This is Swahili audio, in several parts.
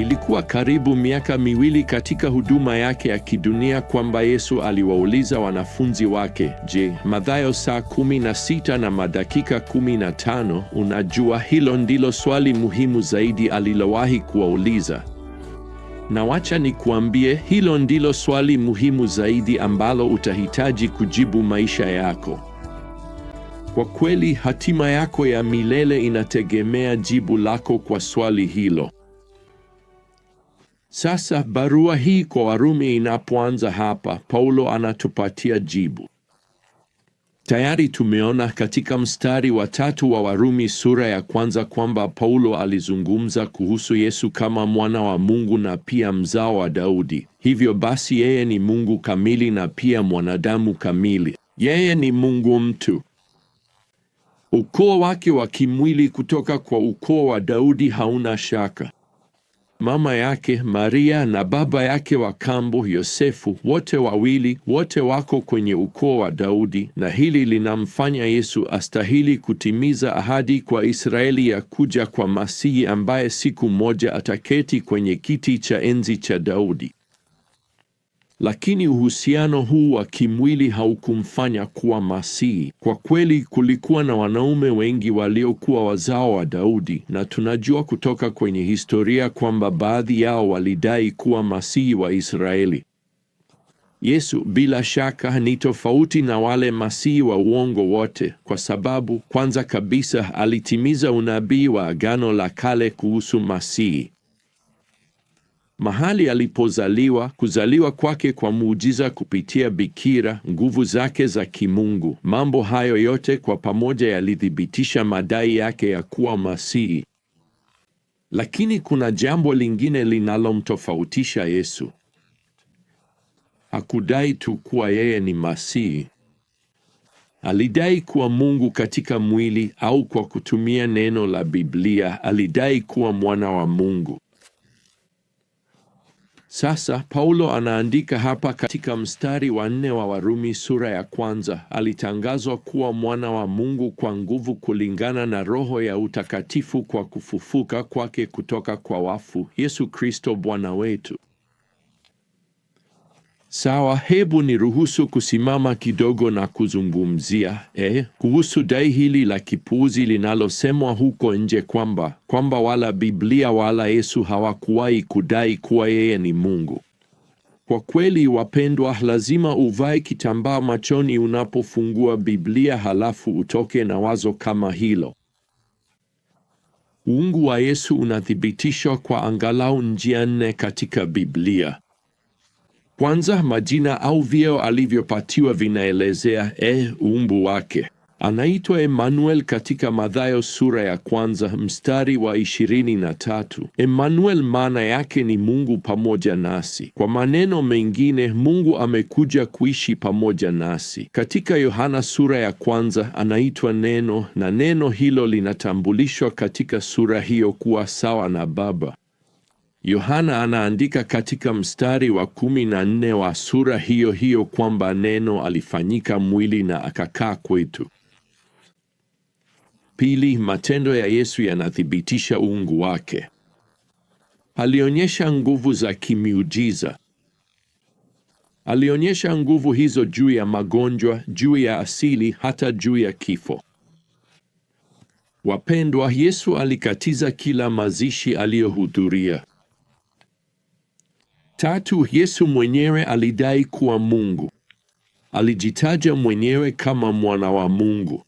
Ilikuwa karibu miaka miwili katika huduma yake ya kidunia kwamba Yesu aliwauliza wanafunzi wake, je, Mathayo saa kumi na sita na madakika kumi na tano unajua hilo ndilo swali muhimu zaidi alilowahi kuwauliza. Na wacha nikuambie, hilo ndilo swali muhimu zaidi ambalo utahitaji kujibu maisha yako. Kwa kweli, hatima yako ya milele inategemea jibu lako kwa swali hilo. Sasa barua hii kwa Warumi inapoanza hapa, Paulo anatupatia jibu. Tayari tumeona katika mstari wa tatu wa Warumi sura ya kwanza kwamba Paulo alizungumza kuhusu Yesu kama mwana wa Mungu na pia mzao wa Daudi. Hivyo basi yeye ni Mungu kamili na pia mwanadamu kamili. Yeye ni Mungu mtu. Ukoo wake wa kimwili kutoka kwa ukoo wa Daudi hauna shaka mama yake Maria na baba yake wa kambo Yosefu, wote wawili, wote wako kwenye ukoo wa Daudi, na hili linamfanya Yesu astahili kutimiza ahadi kwa Israeli ya kuja kwa Masihi ambaye siku moja ataketi kwenye kiti cha enzi cha Daudi. Lakini uhusiano huu wa kimwili haukumfanya kuwa Masihi. Kwa kweli, kulikuwa na wanaume wengi waliokuwa wazao wa Daudi, na tunajua kutoka kwenye historia kwamba baadhi yao walidai kuwa Masihi wa Israeli. Yesu bila shaka ni tofauti na wale masihi wa uongo wote, kwa sababu kwanza kabisa alitimiza unabii wa Agano la Kale kuhusu Masihi mahali alipozaliwa, kuzaliwa kwake kwa muujiza kupitia bikira, nguvu zake za kimungu, mambo hayo yote kwa pamoja yalithibitisha madai yake ya kuwa Masihi. Lakini kuna jambo lingine linalomtofautisha Yesu. Hakudai tu kuwa yeye ni Masihi. Alidai kuwa Mungu katika mwili, au kwa kutumia neno la Biblia, alidai kuwa mwana wa Mungu. Sasa Paulo anaandika hapa katika mstari wa nne wa Warumi sura ya kwanza, alitangazwa kuwa mwana wa Mungu kwa nguvu kulingana na Roho ya utakatifu kwa kufufuka kwake kutoka kwa wafu, Yesu Kristo Bwana wetu. Sawa, hebu niruhusu kusimama kidogo na kuzungumzia eh, kuhusu dai hili la kipuzi linalosemwa huko nje kwamba kwamba wala Biblia wala Yesu hawakuwahi kudai kuwa yeye ni Mungu. Kwa kweli, wapendwa, lazima uvae kitambaa machoni unapofungua Biblia halafu utoke na wazo kama hilo. Uungu wa Yesu unathibitishwa kwa angalau njia nne katika Biblia. Kwanza, majina au vyeo alivyopatiwa vinaelezea e umbu wake. Anaitwa Emmanuel katika Mathayo sura ya kwanza mstari wa ishirini na tatu. Emmanuel maana yake ni Mungu pamoja nasi. Kwa maneno mengine, Mungu amekuja kuishi pamoja nasi. Katika Yohana sura ya kwanza anaitwa Neno, na neno hilo linatambulishwa katika sura hiyo kuwa sawa na Baba. Yohana anaandika katika mstari wa kumi na nne wa sura hiyo hiyo kwamba neno alifanyika mwili na akakaa kwetu. Pili, matendo ya Yesu yanathibitisha uungu wake. Alionyesha nguvu za kimiujiza. Alionyesha nguvu hizo juu ya magonjwa, juu ya asili, hata juu ya kifo. Wapendwa, Yesu alikatiza kila mazishi aliyohudhuria. Tatu, Yesu mwenyewe alidai kuwa Mungu. Alijitaja mwenyewe kama mwana wa Mungu.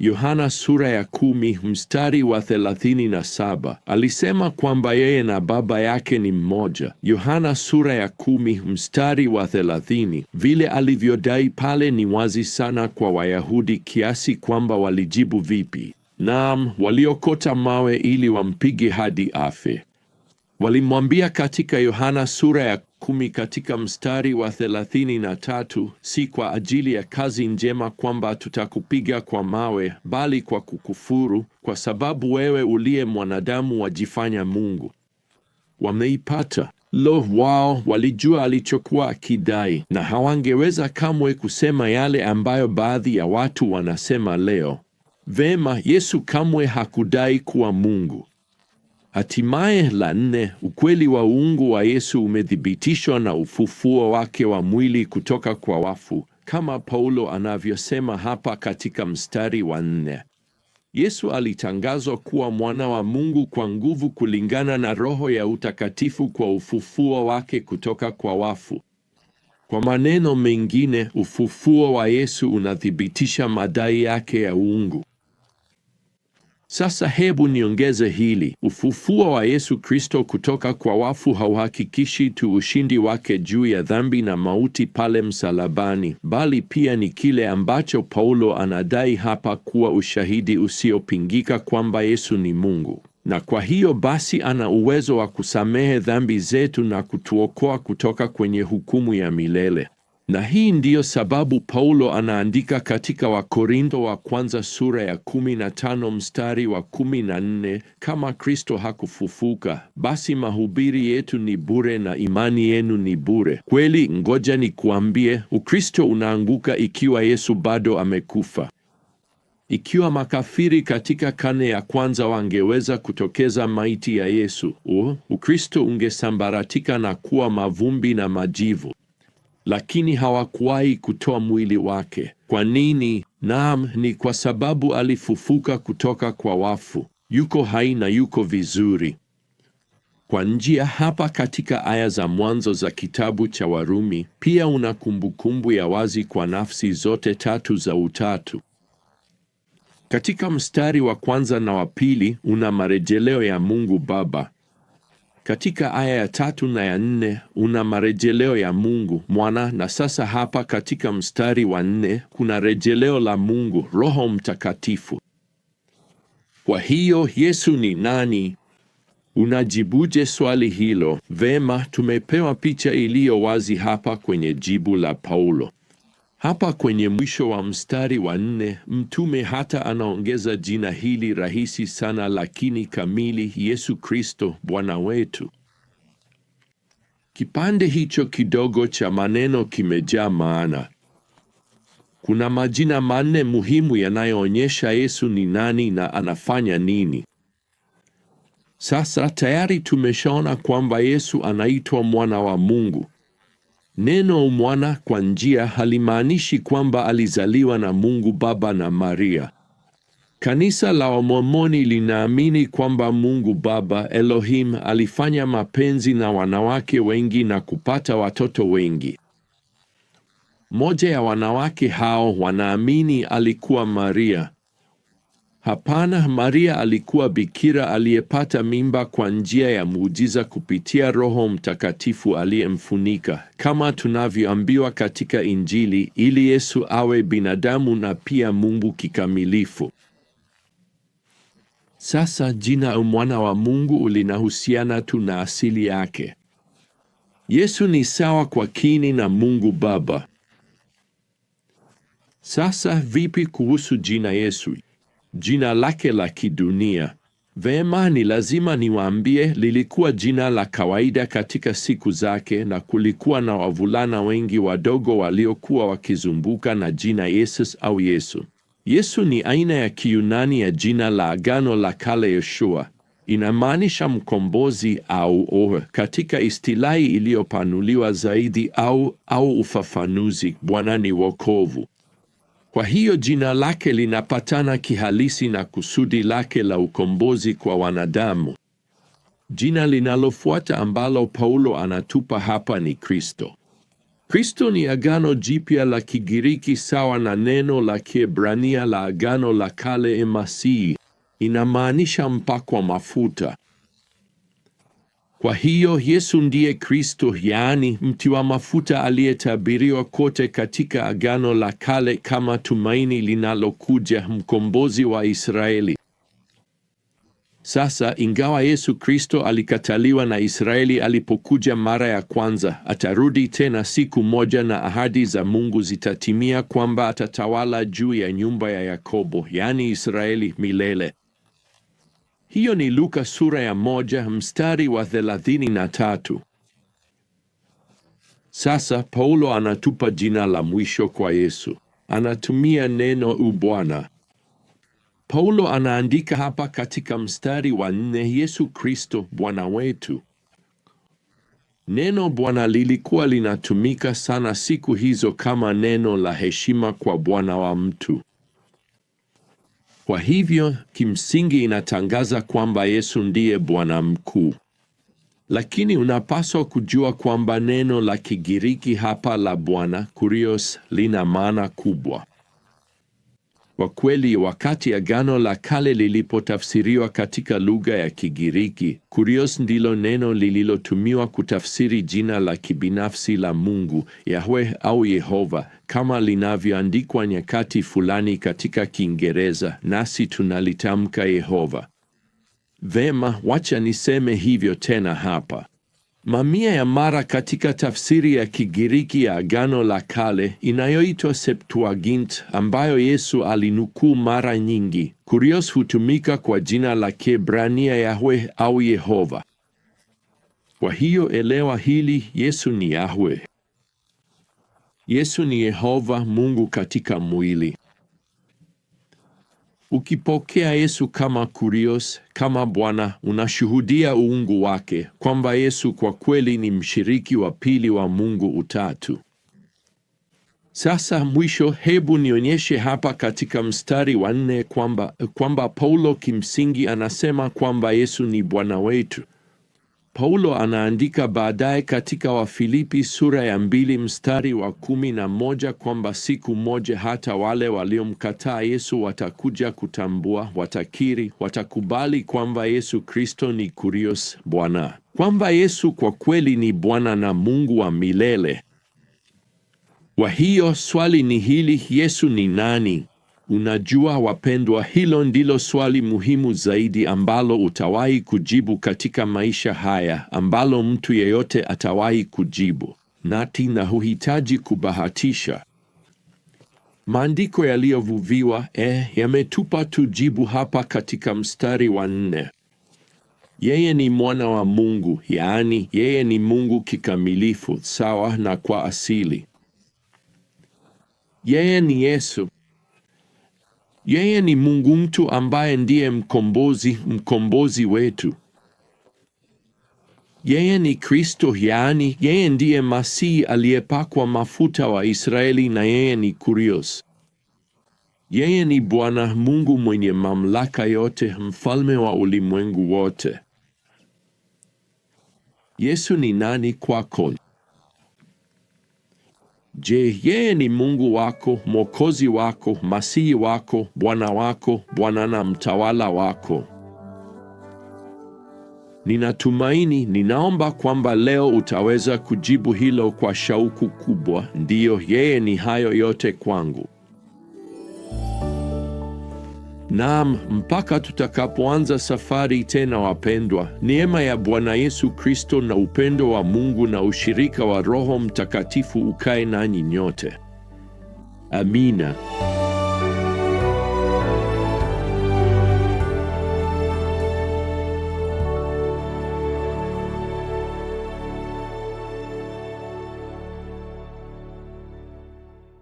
Yohana sura ya kumi mstari wa thelathini na saba alisema kwamba yeye na Baba yake ni mmoja. Yohana sura ya kumi mstari wa thelathini. Vile alivyodai pale ni wazi sana kwa Wayahudi kiasi kwamba walijibu vipi? Naam, waliokota mawe ili wampige hadi afe. Walimwambia katika Yohana sura ya kumi katika mstari wa thelathini na tatu, si kwa ajili ya kazi njema kwamba tutakupiga kwa mawe, bali kwa kukufuru, kwa sababu wewe uliye mwanadamu wajifanya Mungu. Wameipata lo wao, walijua alichokuwa akidai, na hawangeweza kamwe kusema yale ambayo baadhi ya watu wanasema leo. Vema, Yesu kamwe hakudai kuwa Mungu. Hatimaye la nne, ukweli wa uungu wa Yesu umethibitishwa na ufufuo wake wa mwili kutoka kwa wafu, kama Paulo anavyosema hapa katika mstari wa nne. Yesu alitangazwa kuwa mwana wa Mungu kwa nguvu kulingana na Roho ya utakatifu kwa ufufuo wake kutoka kwa wafu. Kwa maneno mengine, ufufuo wa Yesu unathibitisha madai yake ya uungu. Sasa hebu niongeze hili: ufufuo wa Yesu Kristo kutoka kwa wafu hauhakikishi tu ushindi wake juu ya dhambi na mauti pale msalabani, bali pia ni kile ambacho Paulo anadai hapa kuwa ushahidi usiopingika kwamba Yesu ni Mungu, na kwa hiyo basi ana uwezo wa kusamehe dhambi zetu na kutuokoa kutoka kwenye hukumu ya milele. Na hii ndiyo sababu Paulo anaandika katika Wakorintho wa kwanza sura ya 15 mstari wa 14, kama Kristo hakufufuka, basi mahubiri yetu ni bure na imani yenu ni bure. Kweli, ngoja nikuambie, Ukristo unaanguka ikiwa Yesu bado amekufa. Ikiwa makafiri katika kane ya kwanza wangeweza kutokeza maiti ya Yesu, uh, Ukristo ungesambaratika na kuwa mavumbi na majivu lakini hawakuwahi kutoa mwili wake. Kwa nini? Naam, ni kwa sababu alifufuka kutoka kwa wafu. Yuko hai na yuko vizuri. Kwa njia hapa katika aya za mwanzo za kitabu cha Warumi pia una kumbukumbu ya wazi kwa nafsi zote tatu za utatu. Katika mstari wa kwanza na wa pili una marejeleo ya Mungu Baba katika aya ya tatu na ya nne una marejeleo ya Mungu Mwana, na sasa hapa katika mstari wa nne kuna rejeleo la Mungu Roho Mtakatifu. Kwa hiyo Yesu ni nani? Unajibuje swali hilo? Vema, tumepewa picha iliyo wazi hapa kwenye jibu la Paulo. Hapa kwenye mwisho wa mstari wa nne, mtume hata anaongeza jina hili rahisi sana lakini kamili, Yesu Kristo Bwana wetu. Kipande hicho kidogo cha maneno kimejaa maana. Kuna majina manne muhimu yanayoonyesha Yesu ni nani na anafanya nini. Sasa tayari tumeshaona kwamba Yesu anaitwa mwana wa Mungu. Neno mwana kwa njia halimaanishi kwamba alizaliwa na Mungu Baba na Maria. Kanisa la Wamormoni linaamini kwamba Mungu Baba Elohim alifanya mapenzi na wanawake wengi na kupata watoto wengi. Moja ya wanawake hao wanaamini alikuwa Maria. Hapana, Maria alikuwa bikira aliyepata mimba kwa njia ya muujiza kupitia Roho Mtakatifu aliyemfunika, kama tunavyoambiwa katika Injili, ili Yesu awe binadamu na pia Mungu kikamilifu. Sasa jina mwana wa Mungu linahusiana tu na asili yake. Yesu ni sawa kwa kini na Mungu Baba. Sasa vipi kuhusu jina Yesu? jina lake la kidunia. Vema, ni lazima niwaambie, lilikuwa jina la kawaida katika siku zake, na kulikuwa na wavulana wengi wadogo waliokuwa wakizumbuka na jina Yesus au Yesu. Yesu ni aina ya Kiyunani ya jina la Agano la Kale Yoshua, inamaanisha mkombozi au ohe, katika istilahi iliyopanuliwa zaidi au au ufafanuzi, Bwana ni wokovu. Kwa hiyo jina lake linapatana kihalisi na kusudi lake la ukombozi kwa wanadamu. Jina linalofuata ambalo Paulo anatupa hapa ni Kristo. Kristo ni agano jipya la Kigiriki sawa na neno la Kiebrania la agano la kale, emasihi, inamaanisha mpakwa mafuta. Kwa hiyo Yesu ndiye Kristo, yaani mti wa mafuta aliyetabiriwa kote katika Agano la Kale kama tumaini linalokuja, mkombozi wa Israeli. Sasa ingawa Yesu Kristo alikataliwa na Israeli alipokuja mara ya kwanza, atarudi tena siku moja na ahadi za Mungu zitatimia kwamba atatawala juu ya nyumba ya Yakobo, yaani Israeli milele. Hiyo ni Luka sura ya moja mstari wa thelathini na tatu. Sasa Paulo anatupa jina la mwisho kwa Yesu. Anatumia neno ubwana. Paulo anaandika hapa katika mstari wa nne, Yesu Kristo Bwana wetu. Neno Bwana lilikuwa linatumika sana siku hizo kama neno la heshima kwa bwana wa mtu. Kwa hivyo kimsingi inatangaza kwamba Yesu ndiye Bwana mkuu. Lakini unapaswa kujua kwamba neno la Kigiriki hapa la Bwana, kurios, lina maana kubwa. Kwa kweli, wakati Agano la Kale lilipotafsiriwa katika lugha ya Kigiriki, kurios ndilo neno lililotumiwa kutafsiri jina la kibinafsi la Mungu, Yahweh au Yehova, kama linavyoandikwa nyakati fulani katika Kiingereza, nasi tunalitamka Yehova. Vema, wacha niseme hivyo tena hapa. Mamia ya mara katika tafsiri ya Kigiriki ya Agano la Kale inayoitwa Septuagint ambayo Yesu alinukuu mara nyingi, kurios hutumika kwa jina la Kiebrania Yahwe au Yehova. Kwa hiyo elewa hili, Yesu ni Yahwe. Yesu ni Yehova Mungu katika mwili. Ukipokea Yesu kama kurios, kama Bwana, unashuhudia uungu wake, kwamba Yesu kwa kweli ni mshiriki wa pili wa Mungu Utatu. Sasa mwisho, hebu nionyeshe hapa katika mstari wa nne kwamba kwamba Paulo kimsingi anasema kwamba Yesu ni Bwana wetu. Paulo anaandika baadaye katika Wafilipi sura ya mbili mstari wa kumi na moja kwamba siku moja hata wale waliomkataa Yesu watakuja kutambua, watakiri, watakubali kwamba Yesu Kristo ni Kurios Bwana, kwamba Yesu kwa kweli ni Bwana na Mungu wa milele. Kwa hiyo swali ni hili: Yesu ni nani? Unajua wapendwa, hilo ndilo swali muhimu zaidi ambalo utawahi kujibu katika maisha haya, ambalo mtu yeyote atawahi kujibu, nati na huhitaji kubahatisha. Maandiko yaliyovuviwa eh, yametupa tu jibu hapa katika mstari wa nne: yeye ni mwana wa Mungu, yaani yeye ni Mungu kikamilifu, sawa na kwa asili. Yeye ni Yesu. Yeye ni Mungu mtu ambaye ndiye mkombozi, mkombozi wetu. Yeye ni Kristo, yaani yeye ndiye Masihi aliyepakwa mafuta wa Israeli, na yeye ni Kurios. Yeye ni Bwana Mungu mwenye mamlaka yote, mfalme wa ulimwengu wote. Yesu ni nani kwako? Je, yeye ni Mungu wako, mwokozi wako, masihi wako, Bwana wako, Bwana na mtawala wako? Ninatumaini, ninaomba kwamba leo utaweza kujibu hilo kwa shauku kubwa, ndiyo, yeye ni hayo yote kwangu. Naam, mpaka tutakapoanza safari tena, wapendwa, neema ya Bwana Yesu Kristo na upendo wa Mungu na ushirika wa Roho Mtakatifu ukae nanyi nyote. Amina.